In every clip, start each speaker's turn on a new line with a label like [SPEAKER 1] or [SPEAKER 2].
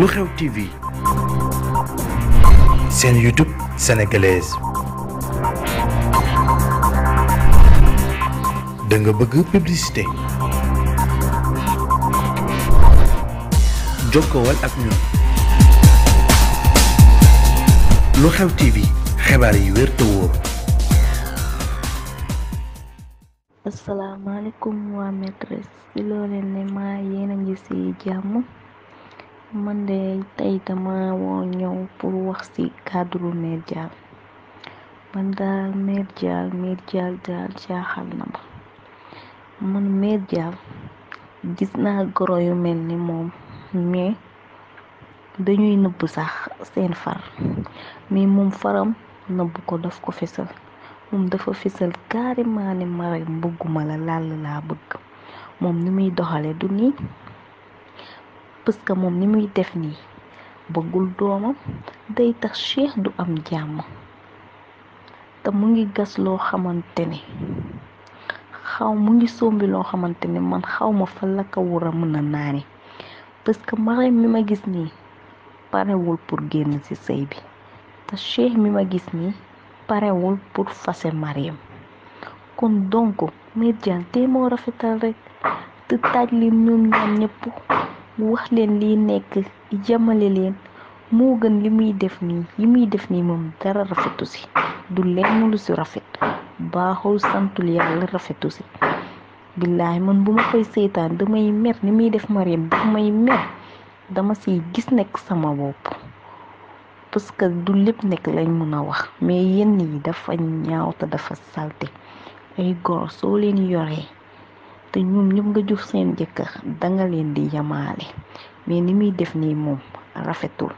[SPEAKER 1] lu xew TV seen YouTube sénégalaise da nga bëgg publicité jokkowal ak ñun lu xew TV xibaar yi wér te wóor.
[SPEAKER 2] asalaamaaleykum waa maîtresse di loo leen ne yéen a ngi ci man de tey dama woo ñëw pour wax ci cadre Mère Dial man daal Mère Dial Mère Dial daal jaaxal na ma man Mère Dial gis naa goro yu mel ni moom mais dañuy nëbb sax seen far mais moom faram nëbb ko daf ko fesal moom dafa fesal carrément ne ma rekk la làll laa bëgg moom ni muy doxale du parce que moom ni muy def nii bëggul doomam day tax Cheikh du am jàmm te mu ngi gas loo xamante ne xaw mu ngi sombi loo xamante ne man xaw ma fa la ko war a mën a naani parce que Marème mi ma gis nii parewul pour génn ci sëy bi te Cheikh mi ma gis nii parewul pour fase Marème kon donc Mère te moo rafetal rekk te taaj leen ñoom ñaar ñëpp mu wax leen li nekk jamale leen moo gën li muy def nii li muy def nii moom dara rafetu si du lenn lu si rafet baaxul santul yàlla rafetu si billaay man bu ma koy seetaan damay mer ni muy def Mariam daf may mer dama ci gis nekk sama bopp parce que du lépp nekk lañ mun a wax mais yenn yi dafa ñaaw te dafa salte ay góor soo leen yoree te ñoom ñëpp nga jur seen jëkkër danga leen di yamaale mais ni muy def nii moom rafetul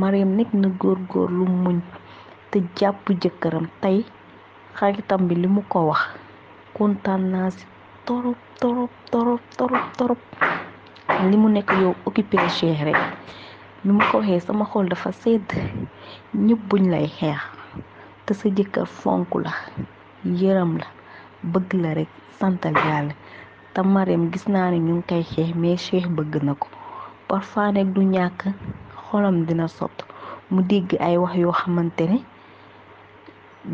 [SPEAKER 2] Mariam nekk na góor-góor lu muñ te jàpp jëkkëram tey xaritam bi li mu ko wax kontaan naa si torop torop torop torop li mu nekk yow occupé Cheikh rek li mu ko waxee sama xol dafa sedd ñëpp buñ lay xeex te sa jëkkër fonk la yërëm la bëgg la rekk santal yàlla te Marème gis naa ne ñu ngi koy xeex mais Cheikh bëgg na ko parfois nag du ñàkk xolam dina sott mu dégg ay wax yoo xamante ne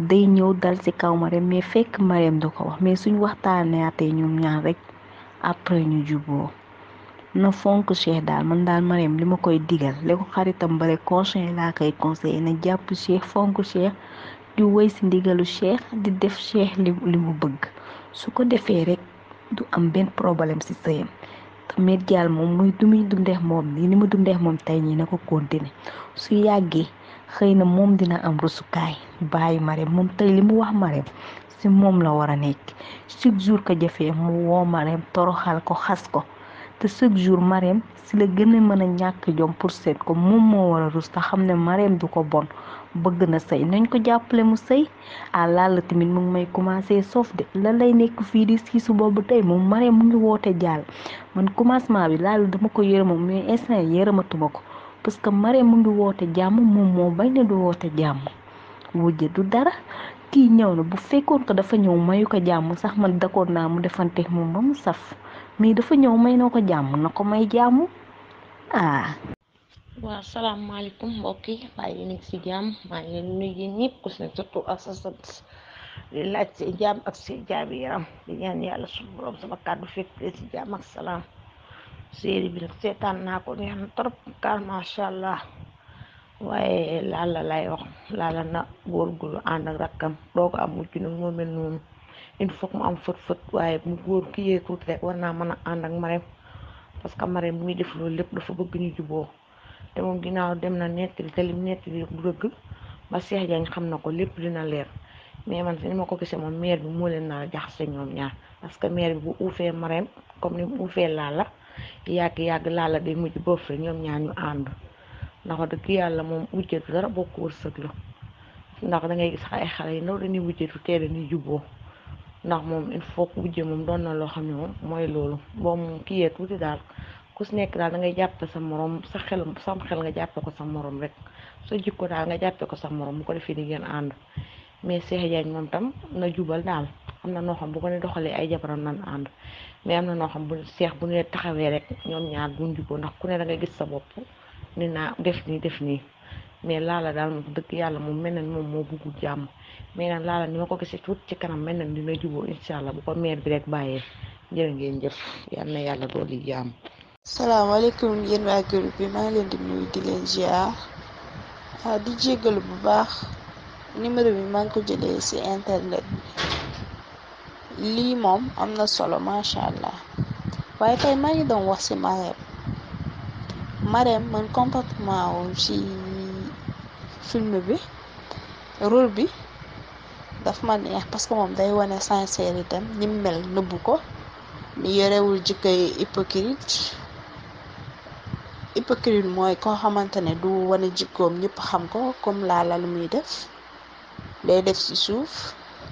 [SPEAKER 2] day ñëw dal ci kaw Marème mais fekk Marème da ko wax mais suñ waxtaaneatee ñoom ñaar rek après ñu juboo na fonk Cheikh daal man daal Marème li ma koy digal li ko xaritam bare conseil laa koy conseillé na jàpp Cheikh fonk Cheikh di woy ci ndigalu Cheikh di def Cheikh li li mu bëgg su ko defee rek du am benn problème si sëyam te Maître Dial moom muy du muy dundeex moom nii ma mu dundeex moom tey ñi na ko continuer su yàggee xëy na moom dina am rusukaay bàyyi Marème moom tey li mu wax Marème si moom la war a nekk chaque jour ko jafee mu woo Marème toroxal ko xas ko te chaque jour Marème si la gën a mën a ñàkk jom pour set ko moom moo war a rus te xam ne Marème du ko bon bëgg na sëy nañ ko jàppale mu sëy ah la tamit mu may commencé soof de lan lay nekk fii di siisu boobu tey moom mare mu ngi woote jàll man commencement bi laal dama ko yërëma mais instant yërëmatuma ko parce que mare mu ngi woote jàmm moom moo bañ ne du woote jàmm wujje du dara kii ñëw na bu fekkoon ko dafa ñëw mayu ko jàmm sax man d'accord naa mu defante moom ba mu saf mais dafa ñëw may na ko jàmm na ko may jàmm ah
[SPEAKER 3] waa asalaamaaleykum mbokk yi waaye yéen a ngi maa ngi leen di nuyu yéen ñëpp ku si ne laaj si jàmm ak si jaabi yaram di yàlla suñu sama kàddu fekk ak salaam série bi nag naa ko neex trop car allah
[SPEAKER 4] waaye laala
[SPEAKER 3] lay wax laala na góorgóorlu ànd ak rakkam doog am mujj noonu moo mel noonu il faut mu am fët fët waaye mu góor ki yee tuuti war naa mën a ànd ak Marème parce que Marème muy def loolu lépp dafa bëgg ñu juboo te moom ginnaaw dem na nettali te lim nettali bu dëgg ba Cheikh Diagne xam na ko lépp dina leer mais man fi ni ma ko gisee moom maire bi moo leen naa jaxase ñoom ñaar parce que maire bi bu uufee mareem comme ni mu uufee laala yàgg-yàgg laala de mujj boof rek ñoom ñaan ñu ànd ndax wax dëgg yàlla moom wujjatu dara bokk wërsëg la ndax da ngay gis ay xale yi ndaw dañuy wujjatu tee dañuy jubboo ndax moom il faut wujje moom doon na loo xam ne mooy loolu boo moom kiyee tuuti daal ku si nekk daal da ngay jàppe sa moroom sa xel sam xel nga jàppe ko sa moroom rek sa jikko daal nga jàppe ko sa moroom mu ko defee di ngeen ànd mais Cheikh Diagne moom tam na jubal daal am na noo bu ko ne doxalee ay jabaram nan ànd mais am na noo bu Cheikh bu ne taxawee rek ñoom ñaar duñ juboo ndax ku ne da ngay gis sa bopp ni naa def nii def nii mais laala daal moom yàlla moom mel na ni moo bëggul jàmm mais nag laala ni ma ko gisee tuuti ci kanam mel na ni dina juboo incha allah bu ko meer bi rek bàyyee jërë ngeen jëf yal na yàlla dooli jàmm
[SPEAKER 5] salaamaaleykum yéen waa groupe bi maa ngi leen di nuyu di leen ziar ah, di jéggalu bu baax numéro bi maa ngi ko jëlee ci internet lii moom am na solo macha allah waaye tey maa ngi wax ci Marème Marème comportement wu ci film bi rôle bi daf ma neex parce que moom day wone sincérité am ni mel nëbbu ko mi yorewul jikkoy hypocrite hypocrite mooy koo xamante ne du wane jikkoom ñëpp xam ko comme laa lu muy def day def ci suuf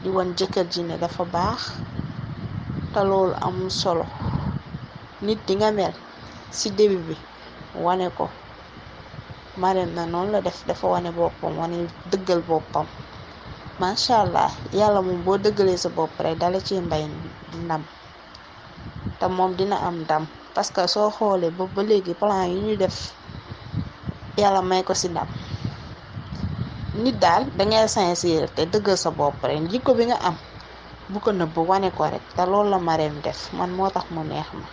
[SPEAKER 5] di wan jëkkër ji ne dafa baax te loolu amul solo nit di nga mel ci début bi wane ko Marème na noonu la def dafa wane boppam wane dëggal boppam macha allah yàlla moom boo dëggalee sa bopp rek dala ci mbay ndam te moom dina am ndam. parce que soo xoolee boobu ba léegi plan yu ñuy def yàlla may ko ci ndam nit daal da ngay sincère te dëggal sa bopp rek jikko bi nga am bu ko nëbb wane ko rek te loolu la Marème def man moo tax mu neex ma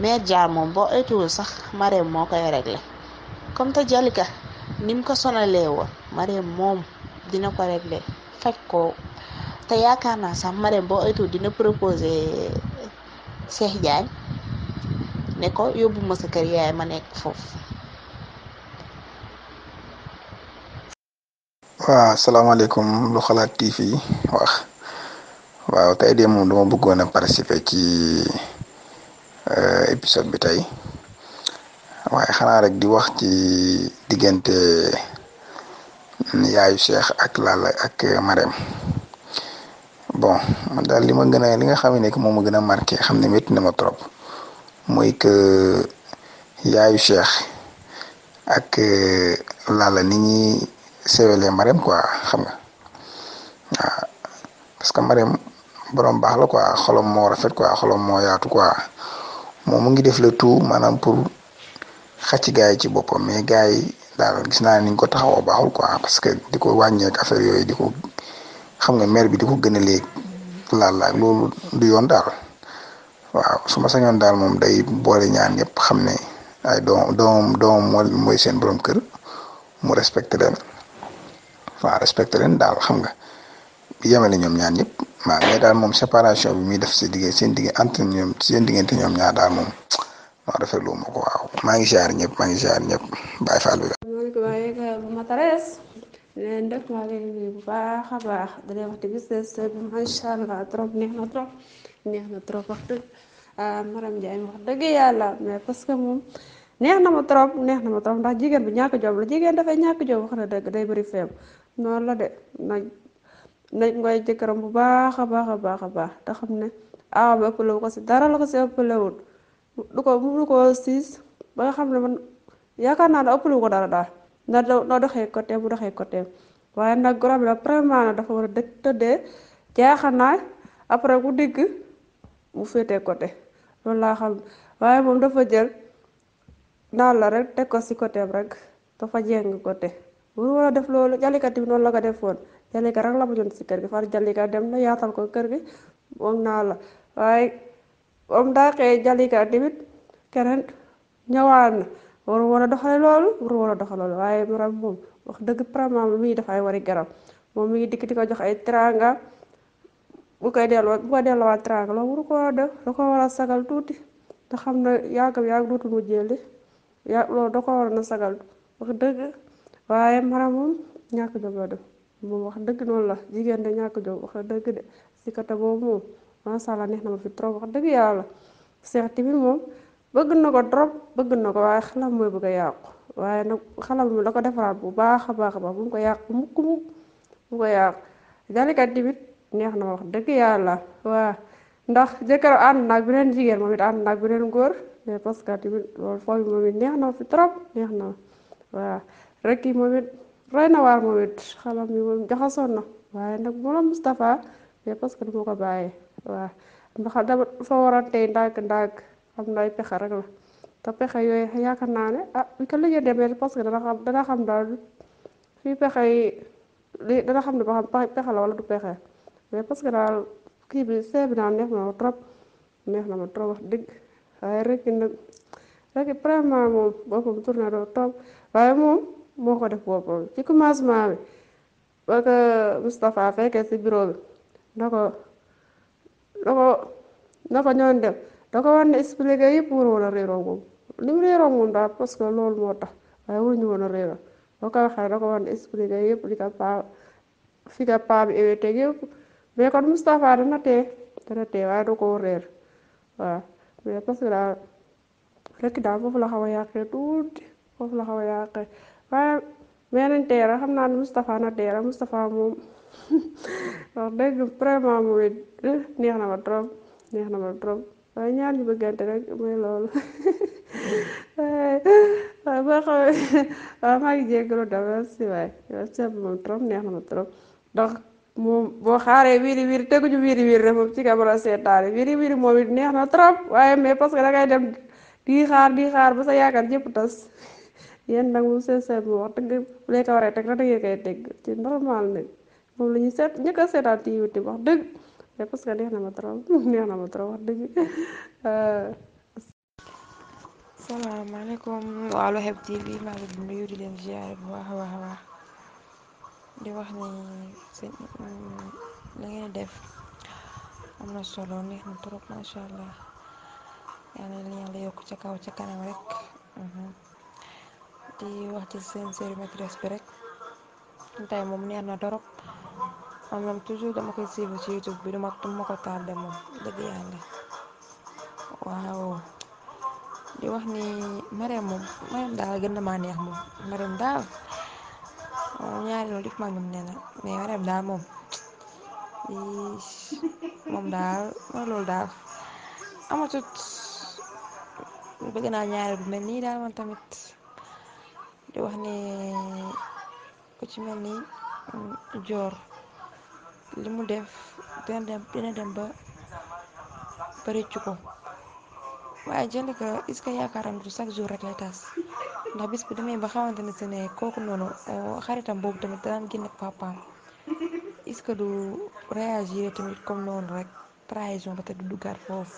[SPEAKER 5] mais jaar moom boo ëttuwul sax Marème moo koy réglé comme te Jalika ni mu ko sonalee woon Marème moom dina ko réglé faj ko te yaakaar naa sax Marème boo ëttuwul dina proposé Cheikh Diagne ne ko yóbbu ma sa nekk foofu.
[SPEAKER 6] waaw salaamaaleykum lu xalaat TV wax waaw tey de moom dama bëggoon a participer ci euh, épisode bi tey waaye xanaa rek di wax ci diggante yaayu Cheikh ak Lalla ak Marème bon daal li ma gën li nga xam ne moom ma gën a marqué xam ne métti na ma trop. mooy que yaayu Cheikh ak euh, Lalla ni ñuy sewelee Marème quoi xam nga waaw parce que Marème borom baax la quoi xolom moo rafet quoi xolom moo yaatu quoi moom mu ngi def le tout maanaam pour xacc gars yi ci boppam mais gars yi daal gis naa ni ñu ko taxawoo baaxul quoi parce que di ko wàññeek affaire yooyu di ko xam nga maire bi di ko gën a léeg Lalla loolu du yoon daal. waaw su ma sañoon daal moom day boole ñaan yëpp xam ne ay doom doom doom mooy seen borom kër mu respecté leen waaw respecté leen daal xam nga yemale ñoom ñaan yëpp waaw mais daal moom séparation bi muy def si digg seen digg entre ñoom seen diggante ñoom daal moom maa rafetlu ma ko waaw maa ngi jaar ñëpp maa ngi jaar ñëpp
[SPEAKER 7] bàyyi faal bi. leen def maa leen baax a seen trop neex na trop Ah, Maram Ndiaye wax dëgg yàlla mais parce que moom neex na ma trop neex na ma trop ndax jigéen bu ñàkk joom la jigéen dafay ñàkk jom wax na dëgg day bëri feem noonu la de nañ nañ ngoy jëkkëram bu baax a baax a baax a baax te xam ne awa ah, ba ëppalewu ko dara la ko si ëppalewul du ko mënu ko siis ba xam ne ma yaakaar naa ne ëppalewu ko dara daal na na doxee côté bu doxee côté waaye nag góor la vraiment na dafa war a dëkk tëddee jaaxanaay après ku digg mu féetee côté loolu laa waaye moom dafa jël naan la rek teg ko si côté rek dafa jéng côté bu war a def loolu jalikat bi noonu la ko defoon jalika rek la mujjoon si kër gi far jalika dem na yaatal ko kër gi moom naa la waaye moom daa xëy jalika tamit keneen ñëwaat na war woon a doxale loolu war woon a doxale loolu waaye mu moom wax dëgg vraiment mi ngi def ay wari garab moom mi ngi dikk di ko jox ay teraanga bu koy delloo bu ko delloowaat teraanga loolu waru ko def da war a sagal tuuti te xam na yàggam yàgg dootul mu jëli yàgg loolu da ko war a sagal wax dëgg waaye mara moom ñàkk jom la def moom wax dëgg noonu la jigéen de ñàkk jom wax dëgg de si côté boobu moom macha allah neex na ma fi trop wax dëgg yàlla seex tamit moom bëgg na ko trop bëgg na ko waaye xelam mooy bëgg a yàqu waaye nag xelam mi la ko defaraat bu baax a baax a baax bu mu ko yàq mukk mukk neex na wax dëgg yàlla waa ndax jëkkër ànd naag beneen jigéen moom it ànd naag beneen góor mais parce que tamit loolu foofu moom it neex na fi trop neex na waa rek yi moom it na waaye nag moom Moustapha mais parce que du ma ko bàyyee waa ndax da fa waroon tey ndànk ndànk am na pexe rek la te pexe yooyu yaakaar naa ne ah bi ko lëjee demee parce que dana xam dana xam daal fii pexe dana xam ne ba xam la wala du pexe. mais parce que daal kii bi seet bi daal neex na ma trop neex na ma trop waaye rek nag rek vraiment moom boppam tourné doo trop waaye moom moo ko def boppam ci commencement bi ba que Moustapha fekkee si bureau bi da ko da ko da ko ñoon def da ko yëpp war woon a li mu moo tax waaye ka paa fi ka paa bi évité yëpp mais kon Moustapha dana tee dana tee waaye da koo réer waaw mais parce que daal rek daal foofu la xaw a yàqee tuuti foofu la xaw a yàqee waaye mais nañ teera xam naa ne Moustapha na teera Moustapha moom wax dëgg vraiment moom neex na ma trop neex na ma trop waaye ñaar ñu bëggante rek mooy loolu waaw maa ngi jégalu dama si waay yow moom trop neex na ma trop moom boo xaaree wiiri wiiri teguñu wiiri wiiri rek moom ci kabara seetaane wiiri wiiri moom it neex na trop waaye mais parce que dangay dem di xaar di xaar ba sa yaakaar jëpp tas yéen nag moom seen seet moom dëgg bu leen ko waree teg nag teg ci normal nag moom la ñuy seet njëkk a ci YouTube wax dëgg mais parce que neex na ma trop neex na ma trop wax dëgg. maa ngi leen
[SPEAKER 8] di wax ni sëñ la mm, def am na solo neex na trop macha allah yal na leen yàlla yokk ca kaw ca kanam rek mm-hmm. di wax ci seen série maîtresse bi rek tey moom neex na trop maanaam toujours dama koy suivre ci bi duma duma ko tardé moom dëgg yàlla wax ni Marème moom Marème daal gën daal. ñaari loolu yëpp magam nee na mais ma daal moom moom daal mooy loolu daal amatut bëgg naa ñaari bu mel nii daal man tamit di wax ne ku ci mel ni joor li mu def dina dem dem ba bëri ci ko. waaye Jalika est-ce que yaakaaram du chaque jour rek lay tas ndax bis bu demee ba xamante ne si ne kooku noonu euh, xaritam boobu tamit daan génn papaam est-ce que du réagir tamit comme noonu rek trahison ba te du duggaat foofu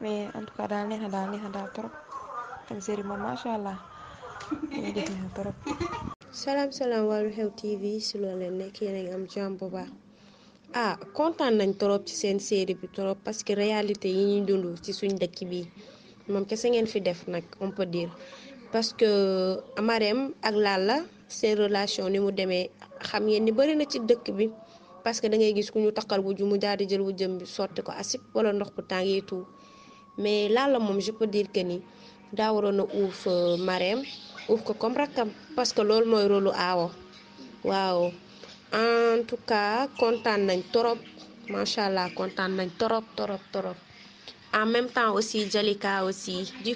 [SPEAKER 8] mais en tout cas
[SPEAKER 9] daal neex na daal neex na daal trop tam série moom allah dañuy def neex TV si loolu leen nekk am jàmm bu ah kontaan nañ trop ci seen série bi trop parce que réalité yi ñuy dund ci suñ dëkk bi moom kese ngeen fi def nag on peut dire parce que Marème ak Lalla seen relation ni mu demee xam ngeen ni bëri na ci dëkk bi parce que da ngay gis ku ñu takkal wujju mu daal di jël wujjam bi sotti ko asib wala ndox bu tàng yi tout mais Lalla moom je peux dire que ni daa waroon a uuf euh, Marème uuf ko comme rakkam parce que loolu mooy rôle lu aawo waaw. en tout cas kontaan nañ torop macha allah kontaan nañ torop torop torop en même temps aussi Jalika aussi du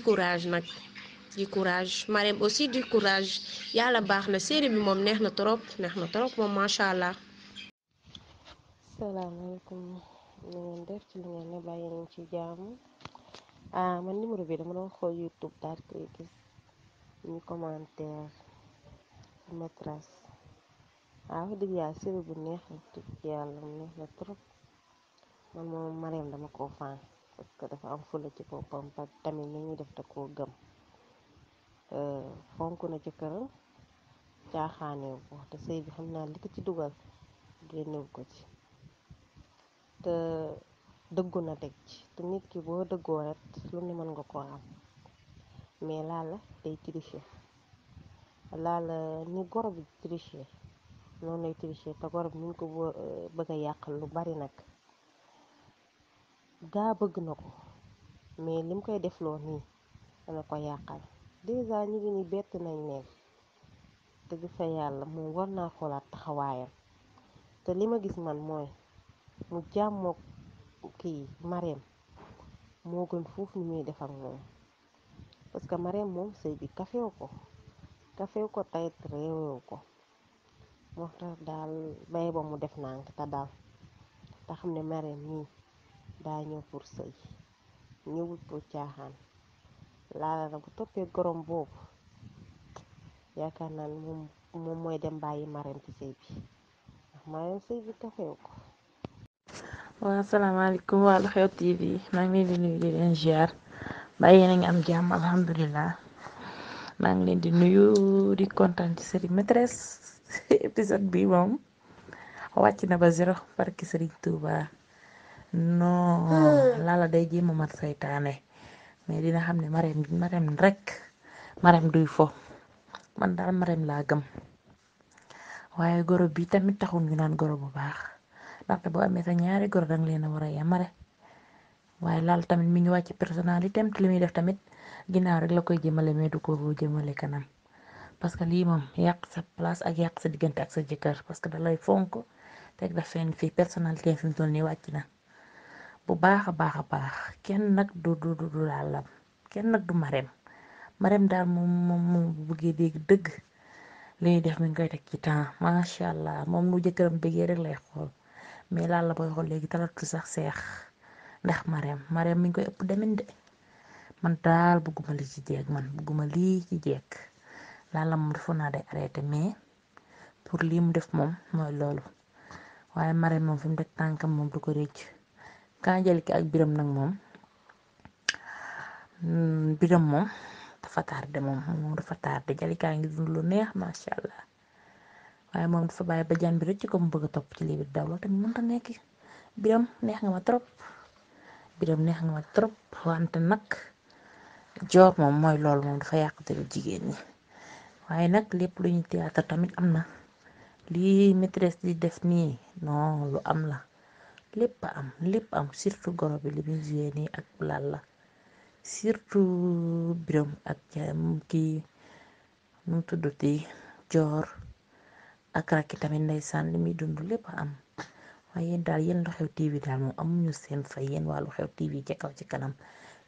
[SPEAKER 9] nag du courage Marème aussi du courage yàlla baax na série bi moom neex na trop neex na trop moom macha allah.
[SPEAKER 10] salaamaaleykum na ngeen def ci li ngeen ne bàyyi nañ ci jaamu ah, man numéro bi dama doon xool YouTube daal koy gis ñu commentaire waaw wax dëgg yàlla série bu neex wax dëgg yàlla neex na trop man moom Marème dama koo faan parce que dafa am fulla ci boppam ba tamit ni muy def te koo gëm euh, fonk na jëkkëram caaxaanewu ko te sëy xam naa li ko ci dugal génnewu ko ci te dëggu na teg ci te nit ki boo dëggoo rek lu ne mën nga koo am mais laala day tricher laala ni goro bi tricher noonu lay tricher te gorom ñu ngi ko eh, bëgg a yàqal lu bari nag gaa bëgg na ko mais lim koy defloo nii dana ko yàqal dèjà ñu ngi ni bett nañ leen te gi fa yàlla moom war naa xoolaat taxawaayam te li ma gis man mooy mu jàmmook kii mareem moo gën foofu ni muy def ak moom parce que mareem moom sëy bi kafew ko kafew ko tayit réewew ko moo tax daal bay ba mu def nànk te daal te xam ne Marème mii daa ñëw pour sëy ñëwul pour caaxaan laala na bu toppee gorom boobu yaakaar naa ne moom mooy dem bàyyi Marème ci sëy bi ndax Marème sëy bi taxew ko
[SPEAKER 11] waa asalaamaaleykum waa Lu Xew TV maa ngi leen di nuyu di leen ziar bàyyi yéen a ngi am jàmm alhamdulilah maa di nuyu di épisode bi moom wàcc na ba zéro barki Serigne no non Lalla day jéem ma mat saytaane mais dina xam ne Marème Marème rek Marème duy fo man daal Marème laa gëm waaye goro bi tamit taxul ñu naan goro bu baax ndaxte boo amee a ñaari goro danga leen a war a yamare waaye Lalla tamit mi ngi wàcc personnalité am te li muy def tamit ginnaaw rek la koy jëmale mais du ko jëmale kanam. parce que lii moom yaq sa place ak yàq sa diggante ak sa jëkkër parce que da fonk te daf leen fii personnalité fi mu toll nii wàcc na bu baax a baax a baax kenn nag du du du laal kenn nag du mareem mareem daal moom moom moom bu dégg dëgg li def mi ngi koy teg ci temps macha allah moom nu jëkkëram bëggee rek lay xool mais laal la booy xool léegi talatu sax seex ndax mareem mareem mi ngi koy ëpp demin de man daal bëgguma li ci jeeg man bugguma lii ci jeeg. lala moom defoon naa day arrêté mais pour lii mu def moom mooy loolu waaye Marème moom fi mu teg tànkam moom du ko rëcc kanjal ki ak biram nag moom mm, biram moom dafa tardé moom moom dafa tardé jalikaa ngi dund lu neex macha allah waaye moom dafa bàyyi ba jaan bi rëcc ko mu bëgg a topp ci lii bi daw loolu tamit mënta nekk biram neex nga ma trop biram neex nga ma trop wante nag joor moom mooy loolu moom dafa yàq deru jigéen ñi. waaye nag lépp luñ ñu théâtre tamit am na lii maîtresse di def nii non lu am la lépp am lépp am surtout goro bi li muy joué nii ak lal la surtout biram ak ki kii nu ti joor ak rakki tamit ndeysaan li muy dund lépp am waaye daal yéen lu xew TV daal moom amuñu seen fay yéen waa lu xew TV ci kaw ci kanam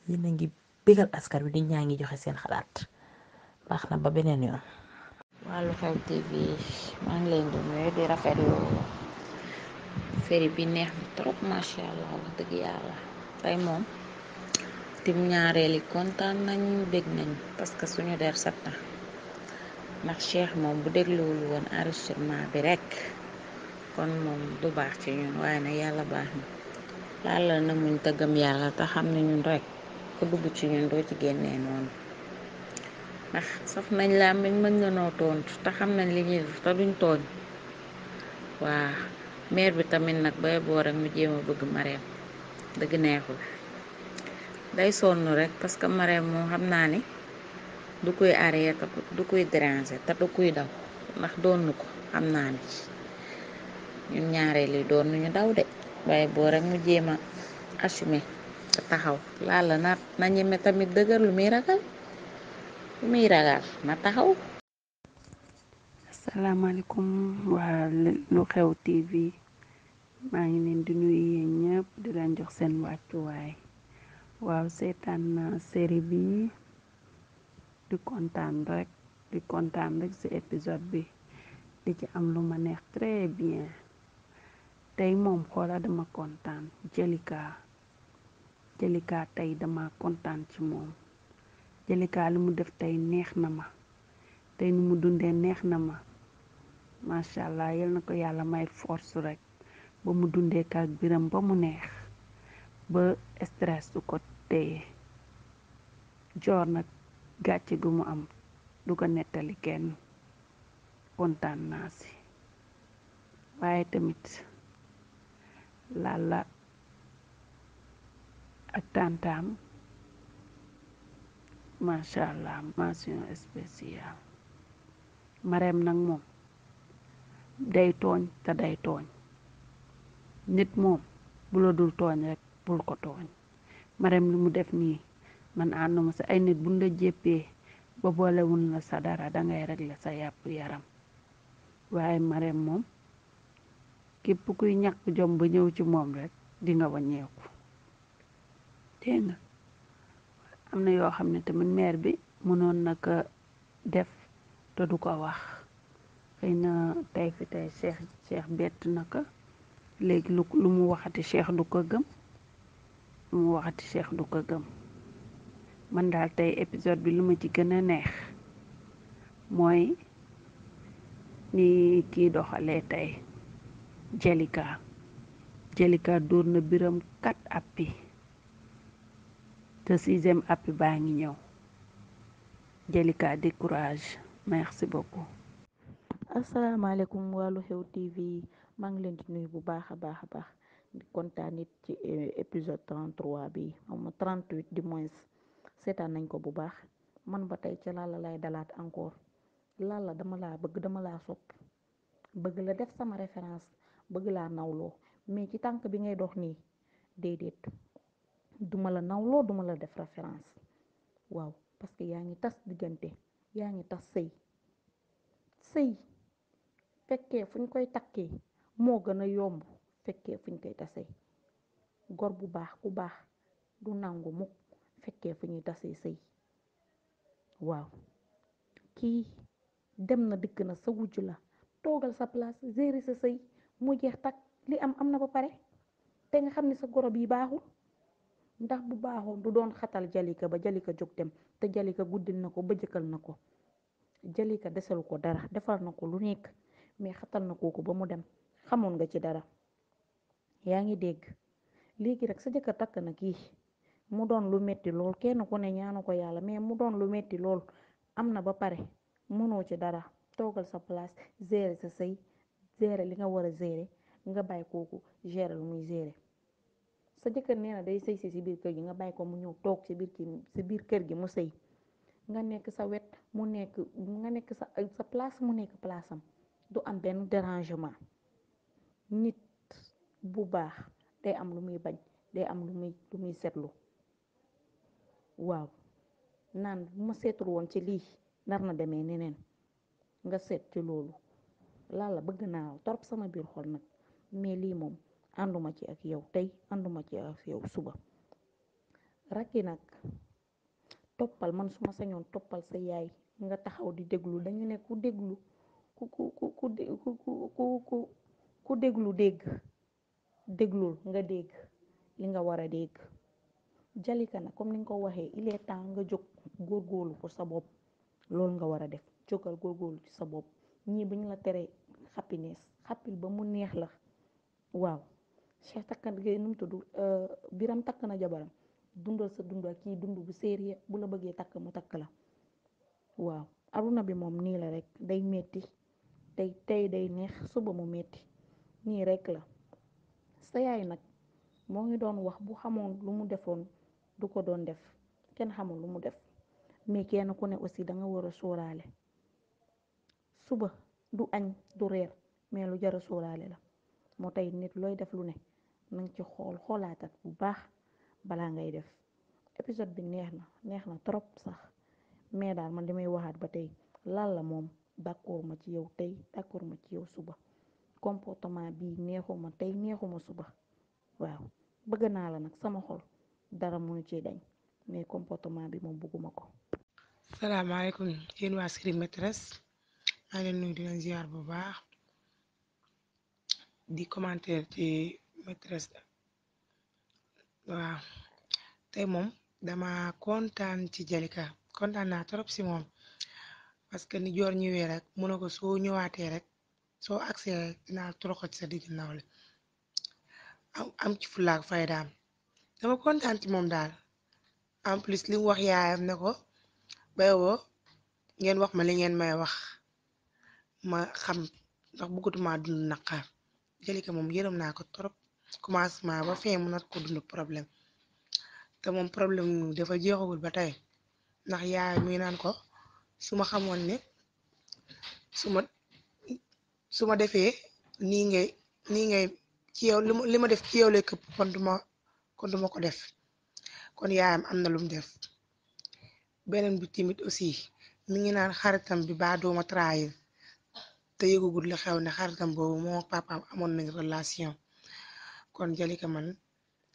[SPEAKER 11] yéen a ngi bégal askan wi di ñaa ngi joxe seen xalaat baax na ba beneen yoon.
[SPEAKER 4] wàllu xew TV maa ngi leen di nuyu di rafetlu série bi neex na trop macha allah wax dëgg yàlla tey moom tim ñaareel yi kontaan nañu bég nañu parce que suñu der sat ndax Cheikh moom bu dégluwul woon enregistrement bi rekk kon moom du baax ci ñun waaye nag yàlla baax na laal na muñ tëggam yàlla te xam ne ñun rek ku dugg ci ñun doo ci génnee noonu. ndax saf nañ làmmiñ mën nga noo tontu te xam nañ li ñuy def te duñ tooñ waa meer bi tamit nag bay boo rek mu jéem a bëgg mareem dëgg neexul day sonn rek parce que mareem moo xam naa ni du koy arrêté du koy déranger te du koy daw ndax doon nu ko xam naa ne ñun ñaareel yi doon ñu daw de waaye boo rek mu jéem a assumé te taxaw laala na ñeme
[SPEAKER 12] tamit dëgër muy ragal. lu muy ragal na taxaw. asalaamaaleykum waa lu xew TV maa ngi leen di nuyu yéen ñëpp di leen jox seen wàccuwaay waaw seetaan na série bi di kontaan rek di kontaan rek ci épisode bi di ci am lu ma neex très bien tey moom xoola dama kontaan Jalika Jalika tey dama kontaan ci moom. Jalika mu def tey neex na ma tey nu mu dundee neex na ma macha allah yal na ko yàlla may force rek ba mu dundee kaak biram ba mu neex ba stress du ko téye joor nag gàcce gu mu am du ko nettali kenn kontaan naa si waaye tamit lalla ak tàntaam macha allah mention spéciale mareem nag moom day tooñ te day tooñ nit moom bu la dul tooñ rek bul ko tooñ mareem li mu def nii man ànduma si ay nit buñ la jéppee ba boolewul la sa dara dangay régler sa yàpp yaram waaye mareem moom képp kuy ñàkk jomb ba ñëw ci moom rekk dinga waññeeku dégg nga am na yoo xam ne tamit maire bi mënoon na ko def te du ko wax xëy na tey fi tey Cheikh Cheikh bett na ko léegi lu lu mu waxati Cheikh du ko gëm lu mu du ko gëm man daal tey épisode bi lu ma ci gën a neex mooy ni kii doxalee tey Jalika Jalika dóor na biram kat appi te sixième appui baa ngi ñëw Jalika di courage merci beaucoup.
[SPEAKER 13] asalaamaaleykum wàllu xew TV maa ngi leen di nuyu bu baax a baax a baax di kontaan nit ci eh, épisode 33 bi am 38 du moins seetaan nañ ko bu baax man ba tey ci Lalla lay dalaat encore Lalla dama laa bëgg dama laa sopp bëgg la def sama référence bëgg laa nawloo mais ci tànk bi ngay dox nii déedéet. duma la nawloo duma la def référence waaw parce que yaa ngi tas diggante yaa ngi tas sëy sëy fekkee fu ñu koy takkee moo gën a yomb fekkee fu ñu koy tasee gor bu baax ku baax du nangu mukk fekkee fu ñuy tasee sëy waaw kii dem na dikk na sa wujj la toogal sa place gérer sa sëy mu jeex takk li am am na ba pare te nga xam ne sa goro bi baaxul ndax bu baaxoon du doon xatal jalika ba jalika jóg dem te jalika guddil na ko ba jëkkal na ko jalika desalu ko dara defal na ko lu nekk mais xatal na kooku ba mu dem xamoon nga ci dara yaa ngi dégg léegi rek sa jëkka takk na kii mu doon lu metti lool kenn ku ne ñaanu ko yàlla mais mu doon lu metti lool am na ba pare mënoo ci dara toogal sa place gérer sa sëy gérer li nga war a gérer nga bàyyi kooku gérer lu muy gérer sa jëkkër nee na day sëy si si biir kër gi nga bàyyi ko mu ñëw toog si biir ki si biir kër gi mu sëy nga nekk sa wet mu nekk nga nekk sa sa place mu nekk place du am benn dérangement nit bu baax day am lu muy bañ day am lu muy lu muy seetlu waaw naan bu ma seetul woon ci lii nar na demee neneen nga seet ci loolu lalla bëgg naa torop sama biir xol nag mais lii moom ànduma ci ak yow tey ànduma ci ak yow suba rakki nag toppal man su ma sañoon toppal sa yaay nga taxaw di déglu dañu ne ku déglu ku ku ku ku ku déglu dégg déglul nga dégg li nga war a dégg jalika nag comme ni nga ko waxee il nga jóg góorgóorlu pour sa bopp loolu nga war a def jógal góorgóorlu ci sa bopp ñii bu ñu la teree happiness happil ba mu neex la waaw Cheikh takkan gi nu mu tudd eh, biram takk na jabaram dundal sa dundal kii dund bu séeréer bu la bëggee takk mu takk la waaw aduna bi moom nii la rek day metti tey tey day neex suba mu metti nii rekk la sa yaay nag moo ngi doon wax bu xamoon lu mu defoon du ko doon def kenn xamul lu mu def mais kenn ku ne aussi da nga war a sóoraale suba du añ du reer mais lu jar a sóoraale la moo tey nit looy def lu ne na nga ci xool xoolaatat bu baax balaa ngay def épisode bi neex na neex na trop sax mais daal man li may waxaat ba tey lan la moom d'accord ma ci yow tey d'accord ma ci yow suba comportement bi neexuma tey neexuma suba waaw bëgg naa la nag sama xol dara mu mënu ci dañ mais comportement
[SPEAKER 14] bi moom bëgguma ko. salaamaaleykum yéen waa Série Maîtresse maa ngi leen nuyu bu baax di commentaire ci. maîtresse la waaw tey moom dama kontaan ci Jalika kontaan naa trop si moom parce que ni joor ñëwee rek mu ne ko soo ñëwaatee rek soo agsee rek dinaa toroxal ci sa digg nawle am am ci fulaak faydaam dama kontaan ci moom daal en plus li wax yaayam ne ko béywoo ngeen wax ma li ngeen may wax ma xam ndax bëggatuma dund naqaar Jalika moom yërëm naa ko trop commencement ba fin mu nat ko dund problème te moom problème dafa jeexagul ba tey ndax yaay muy naan ko su ma xamoon ne su ma su ma defee nii ngay nii ngay ci yow li ma def ci yow lay këpp kon duma kon duma ko def kon yaayam am na lu mu def beneen bi timit aussi mi ngi naan xaritam bi baa dooma trahir te yëgugul la xew ne xaritam boobu moom ak papaam amoon nañ relation kon Jalika man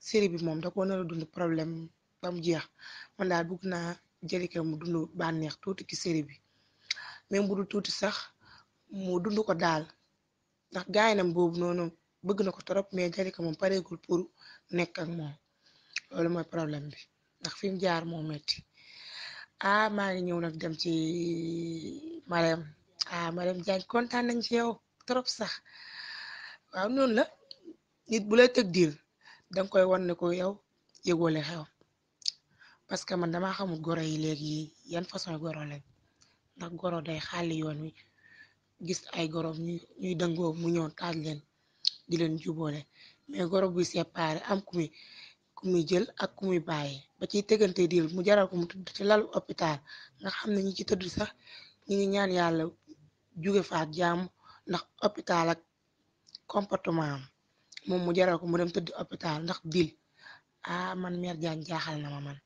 [SPEAKER 14] série bi moom da ko nar dund problème ba mu jeex man daal bëgg naa Jalika mu dund bànneex tuuti ci série bi même bu tuuti sax mu dund ko daal ndax gaynam boobu noonu bëgg na ko trop mais Jalika moom pareegul pour nekk ak moom loolu mooy problème bi ndax fi mu jaar moo metti ah maa ñëw na dem ci Marème ah Marème Diagne kontaan nañ ci yow trop sax waaw noonu la. nit bu lay teg diil danga koy wan ne ko yow yëgoo li xew parce que man damaa xamul goro yi léegi yan façon goro lañ ndax goro day xaali yoon wi gis ay goro ñuy ñuy dëngoo mu ñëw taaj leen di leen juboole mais goro buy séparé am ku muy ku muy jël ak ku muy bàyyi ba ciy tegante diil mu jaral ko mu tudd ci lalu hôpital nga xam ne ñi ci tëdd sax ñi ngi ñaan yàlla jóge faat jàmm ndax hôpital ak comportement am moom mu jaral ko mu dem tëdd hôpital ndax dil ah man mère Diagne jaaxal na ma man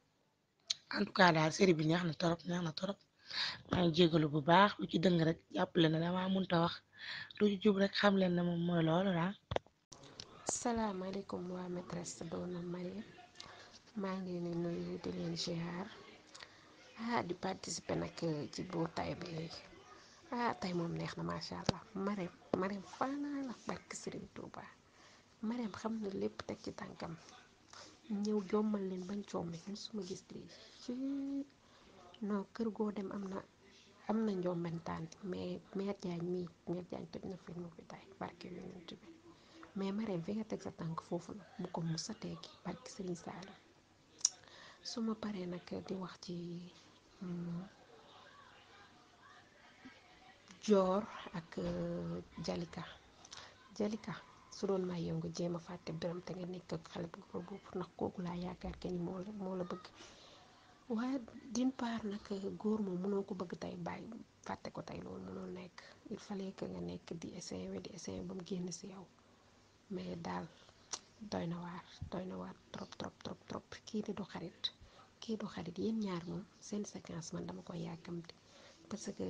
[SPEAKER 14] en tout cas daal série bi neex na torop neex na torop maa ngi bu baax lu ci dëng rek jàppale na dama mënta wax lu jub rek xam leen ne moom mooy loolu daal.
[SPEAKER 15] salaamaaleykum waa maîtresse d'un homme marié maa ngi leen di nuyu leen ziar ah di participer nag eh, ci bootaay bi ah tey moom neex na macha allah Marème Marème Fana la barke Serigne Touba. mareem xam na lépp teg ci tànkam ñëw jommal leen bañ commi mësuma gis lii non kër goo dem am na am na njombentaan mais meer jaañ mii meer jaañ toj na fi nu fi tay barke yonent bi nga teg sa tànk foofu la bu ko musa teggi barke sëriñ paree nag di wax ci hmm, joor ak jalika jalika su doon may yow nga jéem a fàtte biram te nga nekk ak xale bu góor boobu ndax kooku laa yaakaar ke ni moo la moo la bëgg waaye d'une part nag góor moom mënoo ko bëgg tey bàyyi fàtte ko tey loolu mënoo nekk il fallait que nga nekk di essayer di essayer ba mu génn si yow mais daal doy na waar doy na waar trop trop trop trop kii di du xarit kii du xarit yéen ñaar moom seen séquence man dama koy yàkkamti parce que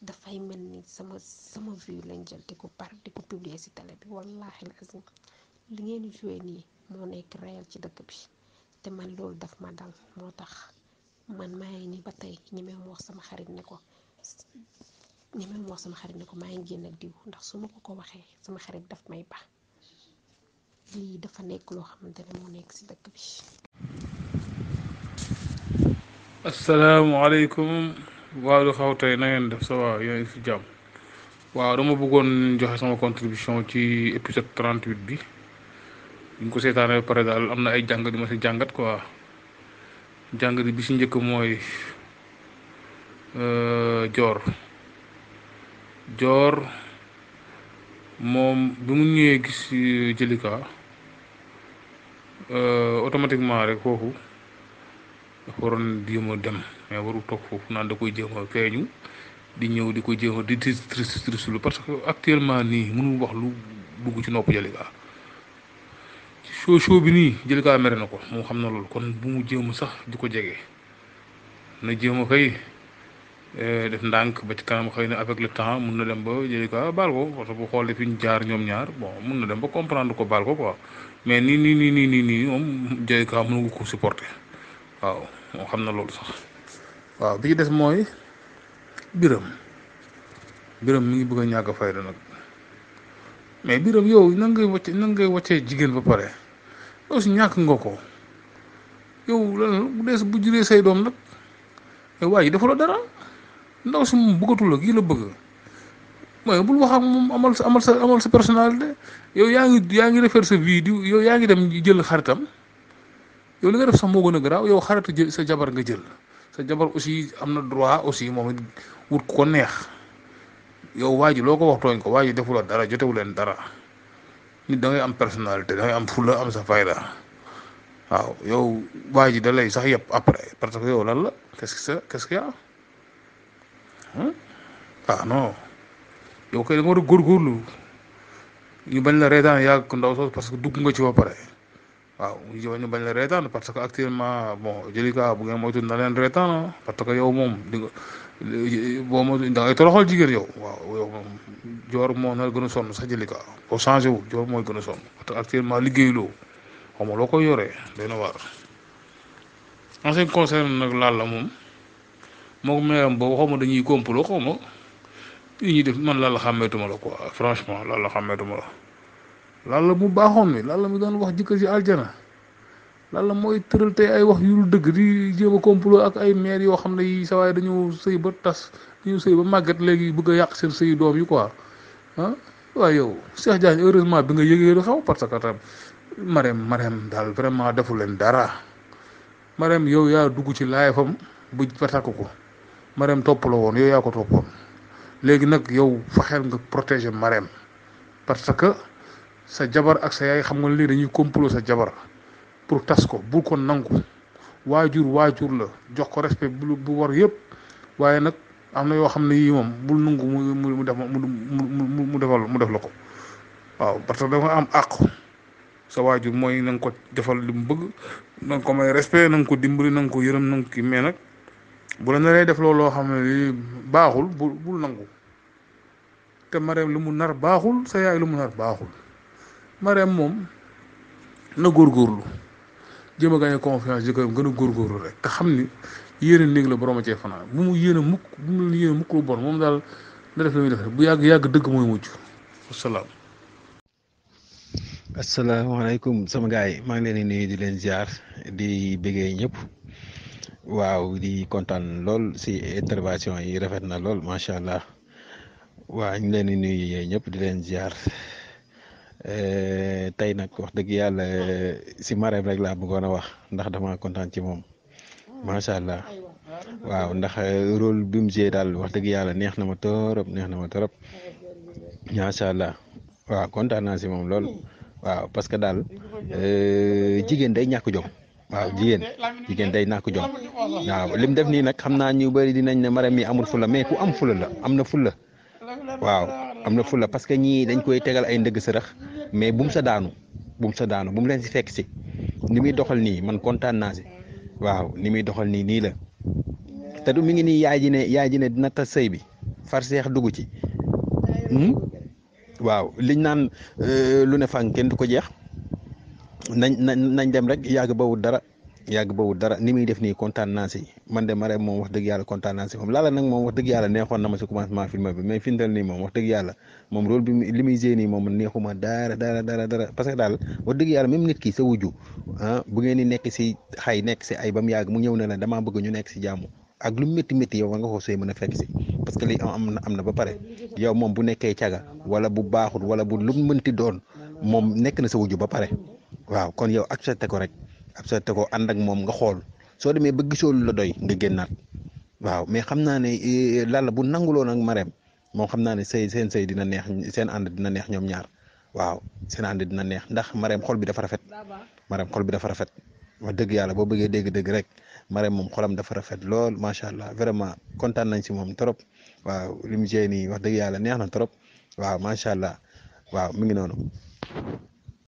[SPEAKER 15] dafay mel ni sama sama vue lañ jël di ko par ko publier si tele bi wallaahi azim li ngeen joué nii moo nekk reyal ci dëkk bi te man loolu daf ma dal moo tax man maa ngi nii ba tey ñemeem wax sama xarit ne ko ñemeem wax sama xarit ne ko maa génn ak diw ndax su ma ko ko waxee sama xarit daf may ba lii dafa nekk loo xamante ne moo nekk ci dëkk bi.
[SPEAKER 16] asalaamaaleykum. waaw lu xaw tey na ngeen def sa yooyu yéen si waaw dama bëggoon joxe sama contribution ci épisode 38 bi ñu ko seetaanee ba pare daal am na ay jàngat yu ma si jàngat quoi jàngat bi si njëkk mooy joor euh, joor moom bi mu ñëwee gis euh, Jalika euh, automatiquement rek foofu. dafa waroon jéem mais waru toog naan da koy jéem a feeñu di ñëw di ko jéem a di triste parce que actuellement nii mënul wax lu dugg ci nopp Jalika show show bi nii Jalika mere na ko moo xam na loolu kon bu mu jéem sax di ko jege na jéem a kay eh, def ndànk ba ci kanam xëy na avec le temps mun na dem ba Jalika baal ko parce que bu xoolee fi ñu jaar ñoom ñaar bon mun na dem ba comprendre ko baal ko quoi mais nii nii nii nii nii nii moom Jalika ko supporter waaw. moom xam na loolu sax waaw bi ci des mooy biram biram mi ngi bëgg a ñàkk fayda nag mais biram yow nan ngay wàcce nan ngay wàccee jigéen ba pare aussi ñàkk nga ko yow lan bu dee bu juree say doom nag waa ji defaloo dara ndaw si moom bëggatul la kii la bëgg mooy bul wax ak moom amal sa amal sa amal sa personnalité yow yaa ngi yaa ngi refaire sa vie yow yaa ngi dem jël xaritam yow li nga def sax moo gën a yow xaritu jël sa jabar nga jël sa jabar aussi am na droit aussi moom it wut ko neex yow waa ji loo ko wax ko waa ji defuloo dara jotewu leen dara nit da ngay am personnalité da ngay am fulla am sa fayda waaw yow waa ji da lay sax yëpp après parce que yow lan la quest a ah non yow kay da nga war góorgóorlu ñu bañ la reetaan yàgg ndaw soos parce que dugg nga ci ba pare. waaw ñu bañ la reetaan parce que actuellement bon Jalika bu ngeen moytu na leen reetaan parce que yow moom di nga boo moytu da ngay toroxal jigéen yow waaw yow moom joor moo na gën a sonn sax Jalika boo changé wu joor mooy gën a sonn parce que actuellement liggéeyuloo loo ma loo koy yoree day na waar. en ce qui concerne nag Lalla moom moom meeram boobu xaw ma dañuy complot xaw yi ñuy def man Lalla xàmmeetuma la ko franchement Lalla xàmmeetuma la. lalla mu baaxoon mi lalla mu daan wax jëkkër ji aljana lalla mooy tëral tey ay wax yu dul dëgg di jéem a complot ak ay maire yoo xam ne yi sa waay dañu sëy ba tas dañu sëy ba màgget léegi bëgg a yàq seen sëy doom yi quoi ah waaye yow Cheikh Diagne heureusement bi nga yëgee lu xaw parce que tam Marème Marème daal vraiment defu leen dara Marème yow yaa dugg ci laay fam bu fa takk ko Marème topp la woon yow yaa ko toppoon léegi nag yow xel nga protéger Marème sa jabar ak sa yaay xam nga lii dañuy complot sa jabar pour tas ko bu kon nangu waajur waajur la jox ko respect bu bu war yëpp waaye nag am na yoo xam ne yii moom bul nangu mu mu mu def mu mu defal mu def la ko waaw parce que da am àq sa waajur mooy na ko defal li mu bëgg na ko may respect na ko dimbali nangu ko yërëm na kii ki mais nag bu la na def loolu loo xam ne lii baaxul bul bul nangu te mareem lu mu nar baaxul sa yaay lu mu nar baaxul Marème moom na góorgóorlu jéem a gagné confiance jëkkëram gën a góorgóorlu rek te xam ni yéene néeg la borom a cee fanaan bu mu yéene mukk bu mu yéene mukk lu bon moom daal na def la muy def rek bu yàgg yàgg dëgg mooy mujj wasalaam.
[SPEAKER 1] sama gars yi maa ngi leen di nuyu di leen ziar di bëggee ñëpp waaw di kontaan lool si intervention yi rafet na lool macha allah waa ñu leen di nuyu ñëpp di leen ziar. Eh, tey nag wax dëgg yàlla eh, si Marème rek laa bëggoon a wax ndax dama kontaan ci moom macha allah waaw ndax eh, rôle bi mu joué daal wax dëgg yàlla neex na ma torop neex na ma torop macha allah waaw kontaan naa si moom lool waaw parce que daal jigéen day ñàkk jom waaw jigéen jigéen day ñàkk jom waaw lim def nii nag xam naa ñu bëri dinañ ne Marème mi amul fula mais ku am fula la am na fula waaw. am na fulla parce que ñii dañ koy tegal ay ndëgg sërëx mais bu mu sa daanu bu mu sa daanu bu mu leen si fekk si ni muy doxal nii man kontaan naa si waaw ni muy doxal nii nii la te du mi ngi nii yaay ji ne yaay ji dina tas sëy bi far seex dugg ci hmm? waaw liñ naan euh, lu ne fànk kenn du ko jeex nañ nañ dem rek yàgg ba wut dara yàgg boobu dara ni muy def nii kontaan naa si man de Marème moom wax dëgg yàlla kontaan naa si moom laala nag moom wax dëgg yàlla neexoon na ma si commencement film bi mais fintal nii moom wax dëgg yàlla moom rôle bi li muy génn que daal wax dëgg yàlla même nit ki sa wujju ah bu ngeen di nekk si xay nekk si ay ba yàgg mu ñëw ne la damaa bëgg ñu nekk si jàmm ak lu métti métti yow war nga ko sooy mën a fekk si parce que li am na am na ba pare yow moom bu nekkee caga wala bu baaxul wala bu lu mënti doon moom nekk na sa wujju ba pare waaw kon yow accepté ko rek accepté ko ànd ak moom nga xool soo demee ba gisoo lu la doy nga génnaat waaw mais xam naa ne eh, lalla bu nanguloon ak mareem moom xam naa ne sëy seen sey dina neex seen ànd dina neex ñoom ñaar waaw seen ànd dina neex ndax mareem xol bi dafa rafet mareem xol bi dafa rafet wax dëgg yàlla boo bëggee dégg dëgg rek mareem moom xolam dafa rafet lool macha allah vraiment kontaan nañ si moom trop waaw li mu jee nii wax dëgg yàlla neex na trop waaw macha allah waaw mi ngi noonu.